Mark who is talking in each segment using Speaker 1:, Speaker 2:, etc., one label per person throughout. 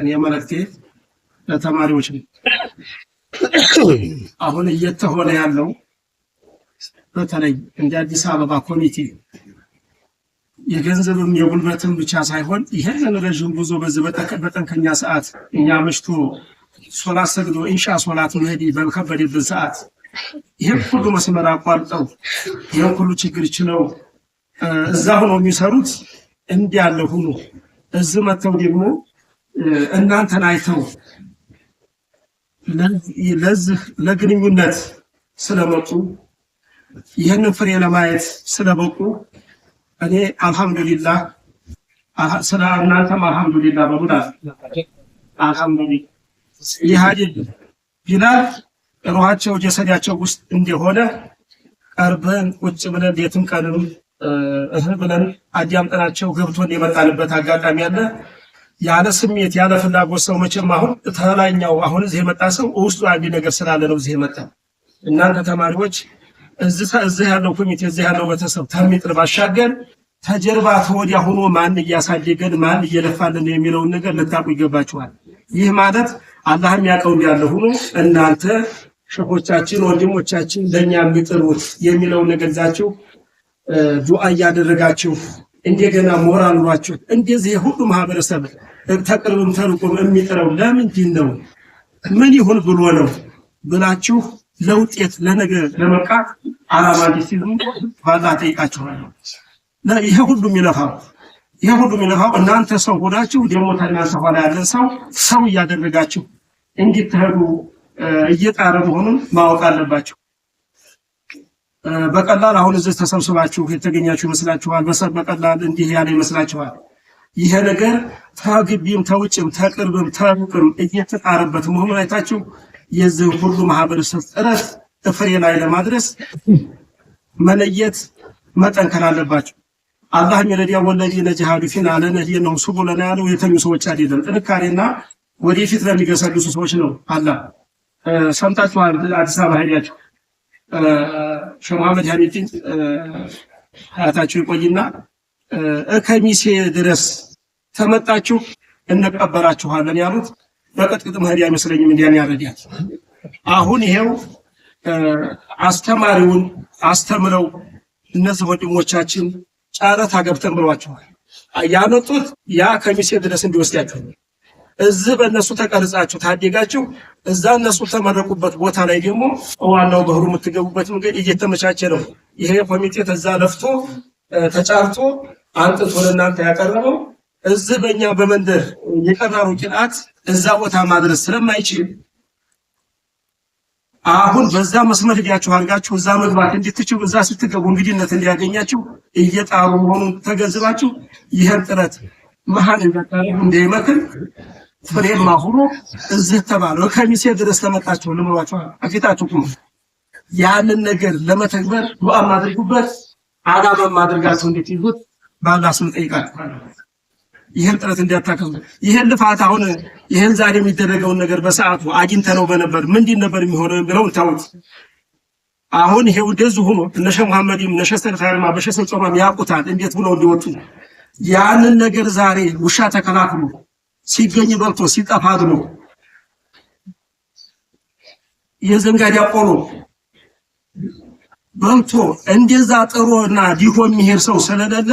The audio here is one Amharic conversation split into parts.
Speaker 1: እኔ መልእክቴ ለተማሪዎች ነው። አሁን እየተሆነ ያለው በተለይ እንደ አዲስ አበባ ኮሚቴ የገንዘብም የጉልበትም ብቻ ሳይሆን ይህንን ረዥም ጉዞ በዚህ በጠንከኛ ሰዓት እኛ ምሽቱ ሶላት ሰግዶ ኢንሻ ሶላት መሄድ በከበደብን ሰዓት ይህም ሁሉ መስመር አቋርጠው ይህም ሁሉ ችግር ችለው እዛ ሆኖ የሚሰሩት እንዲህ ያለ ሁኖ እዚህ መጥተው ደግሞ እናንተን አይተው ለዚህ ለግንኙነት ስለመጡ ይህንን ፍሬ ለማየት ስለበቁ እኔ አልሐምዱሊላ ስለ እናንተም አልሐምዱሊላ በሙላ አልሐምዱሊ ይህ ቢላል ሩሃቸው ጀሰዳቸው ውስጥ እንደሆነ ቀርበን ቁጭ ብለን ቤትም ቀንም እህ ብለን አዳምጠናቸው ገብቶን የመጣንበት አጋጣሚ አለ። ያለ ስሜት ያለ ፍላጎት ሰው መቼም አሁን ተላኛው አሁን እዚህ የመጣ ሰው ውስጡ አንድ ነገር ስላለ ነው እዚህ የመጣ። እናንተ ተማሪዎች እዚህ ያለው ኮሚቴ እዚህ ያለው ቤተሰብ ተሚጥር ባሻገር ተጀርባ ተወዲያ ሆኖ ማን እያሳደገን ማን እየለፋልን የሚለውን ነገር ልታውቁ ይገባችኋል። ይህ ማለት አላህም ያውቀው እንዳለ ሆኖ እናንተ ሸሆቻችን ወንድሞቻችን ለእኛ የሚጥሩት የሚለውን ነገር ዛቸው ዱዓ እያደረጋችሁ እንደገና ሞራል ኑሯችሁ እንደዚህ የሁሉ ማህበረሰብ ተቅርብም ተርቆም የሚጥረው ለምንድን ነው? ምን ይሁን ብሎ ነው ብላችሁ ለውጤት ለነገ ለመብቃት አላማ እንዲሲዙ ባላ ጠይቃችኋለሁ። ይሄ ሁሉ የሚለፋው ይሄ ሁሉ የሚለፋው እናንተ ሰው ሆናችሁ ደግሞ ተናንተ ኋላ ያለ ሰው ሰው እያደረጋችሁ እንዲትሄዱ እየጣረ መሆኑን ማወቅ አለባችሁ። በቀላል አሁን እዚህ ተሰብስባችሁ የተገኛችሁ ይመስላችኋል። በቀላል እንዲህ ያለ ይመስላችኋል። ይሄ ነገር ተግቢም ተውጭም ተቅርብም ተሩቅም እየተጣረበት መሆኑን አይታችሁ የዚህ ሁሉ ማህበረሰብ ጥረት እፍሬ ላይ ለማድረስ መለየት መጠንከር አለባቸው። አላህ የረዲያ ወለዲ ነጃሃዱ ፊና ለነህዲየነሁም ሱቡለና ያለው የተኙ ሰዎች አይደለም፣ ጥንካሬና ወደፊት ለሚገሰግሱ ሰዎች ነው። አላህ ሰምታችኋል። አዲስ አበባ ሄዳችሁ ሸህ መሐመድ ሀቢብን ሀያታችሁ ይቆይና ከሚሴ ድረስ ተመጣችሁ እንቀበራችኋለን ያሉት በቅጥቅጥ መሄድ አይመስለኝም። እንዲያን ያረዳት አሁን ይሄው አስተማሪውን አስተምረው እነዚህ ወንድሞቻችን ጨረታ ገብተን ብሏቸዋል። ያመጡት ያ ከሚሴ ድረስ እንዲወስዳችሁ እዚህ በእነሱ ተቀርጻችሁ ታደጋችሁ እዛ እነሱ ተመረቁበት ቦታ ላይ ደግሞ ዋናው ባህሩ የምትገቡበት መንገድ እየተመቻቸ ነው። ይሄ ኮሚቴ ተዛ ለፍቶ ተጫርቶ አንጥቶ ለእናንተ ያቀረበው እዚህ በእኛ በመንደር የቀራሩ ቅንአት እዛ ቦታ ማድረስ ስለማይችል አሁን በዛ መስመር ሄዳችሁ አድርጋችሁ እዛ መግባት እንድትችሉ እዛ ስትገቡ እንግድነት እንዲያገኛችሁ እየጣሩ መሆኑን ተገንዝባችሁ ይህን ጥረት መሀል እንዳይመክል ፍሬማ ሆኖ እዚህ ተባለ ከሚሴ ድረስ ተመጣቸው ልምሯቸው ከፊታቸው ቁሙ። ያንን ነገር ለመተግበር ዱዓ ማድርጉበት አዳማ ማድረጋቸው እንዴት ይዙት ባላህ ስም ጠይቃለሁ። ይህን ጥረት እንዲያታከሙ ይህን ልፋት አሁን ይህን ዛሬ የሚደረገውን ነገር በሰዓቱ ነው በነበር ምንድን ነበር የሚሆነው ብለው ታውት አሁን ይሄው እንደዚህ ሆኖ እነሸ መሐመድም እነሸ ሰልፋርማ በሸ ሰልጾማም ያውቁታል እንዴት ብለው እንዲወጡ ያንን ነገር ዛሬ ውሻ ተከላክሎ ሲገኝ በልቶ ሲጠፋ አድሮ የዘንጋዲ ቆሎ በልቶ እንደዛ ጥሮና ዲሆ የሚሄድ ሰው ስለሌለ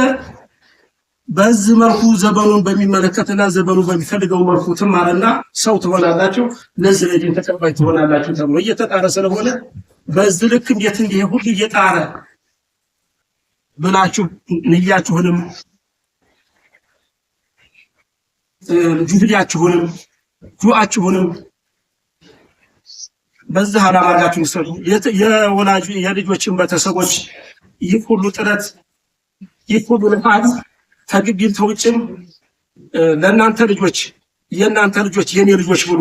Speaker 1: በዚህ መልኩ ዘመኑን በሚመለከትና ዘመኑ በሚፈልገው መልኩ ትማረና ሰው ትሆናላችሁ፣ ለዚህ ለዲን ተቀባይ ትሆናላችሁ ተብሎ እየተጣረ ስለሆነ በዚህ ልክ እንዴት እንዲህ ሁሉ እየጣረ ብላችሁ ንያችሁንም ጁብሊያችሁንም ጁአችሁንም በዚህ ዓላማ አድርጋችሁ ይሰሩ። የወላጅ የልጆችን ቤተሰቦች ይህ ሁሉ ጥረት ይህ ሁሉ ልፋት ከግቢም ከውጭም ለእናንተ ልጆች የእናንተ ልጆች የኔ ልጆች ብሉ።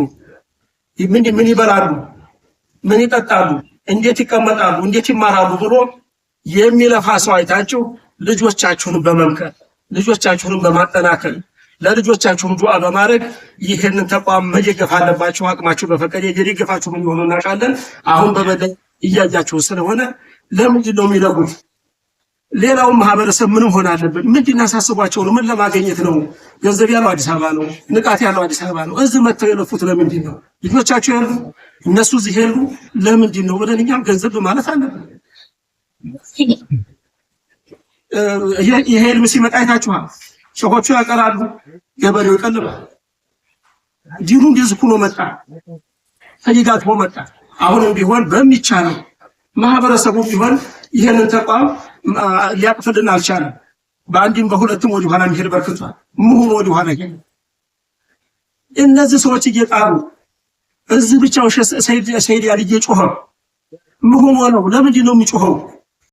Speaker 1: ምን ምን ይበላሉ፣ ምን ይጠጣሉ፣ እንዴት ይቀመጣሉ፣ እንዴት ይማራሉ ብሎ የሚለፋ ሰው አይታችሁ ልጆቻችሁንም በመምከር ልጆቻችሁንም በማጠናከል ለልጆቻችሁም ዱዓ በማድረግ ይህንን ተቋም መደገፍ አለባችሁ። አቅማችሁ በፈቀደ የደገፋችሁ ምን ይሆኑ እናውቃለን። አሁን በበለ እያያችሁ ስለሆነ ለምንድን ነው የሚለጉት? ሌላውም ማህበረሰብ ምንም ሆን አለብን። ምንድን ያሳስቧቸው ነው? ምን ለማገኘት ነው? ገንዘብ ያለው አዲስ አበባ ነው፣ ንቃት ያለው አዲስ አበባ ነው። እዚህ መጥተው የለፉት ለምንድን ነው? ልጆቻቸው ያሉ እነሱ እዚህ ያሉ ለምንድን ነው ብለን እኛም ገንዘብ ማለት አለብን። ይሄ ልም ሲመጣ አይታችኋል። ሸኾቹ ያቀራሉ፣ ገበሬው ይቀልባል። ዲኑ እንደዚህ ሆኖ መጣ፣ ተጋግፎ መጣ። አሁንም ቢሆን በሚቻለው ማህበረሰቡ ቢሆን ይህንን ተቋም ሊያቅፍልን አልቻለም። በአንድም በሁለትም ወደኋላ የሚሄድ በርክቷል። ምሁም ወደኋላ ይሄድ እነዚህ ሰዎች እየጣሩ እዚህ ብቻው ሰይድ ያልየ ጮኸ ምሁም ነው። ለምንድን ነው የሚጮኸው?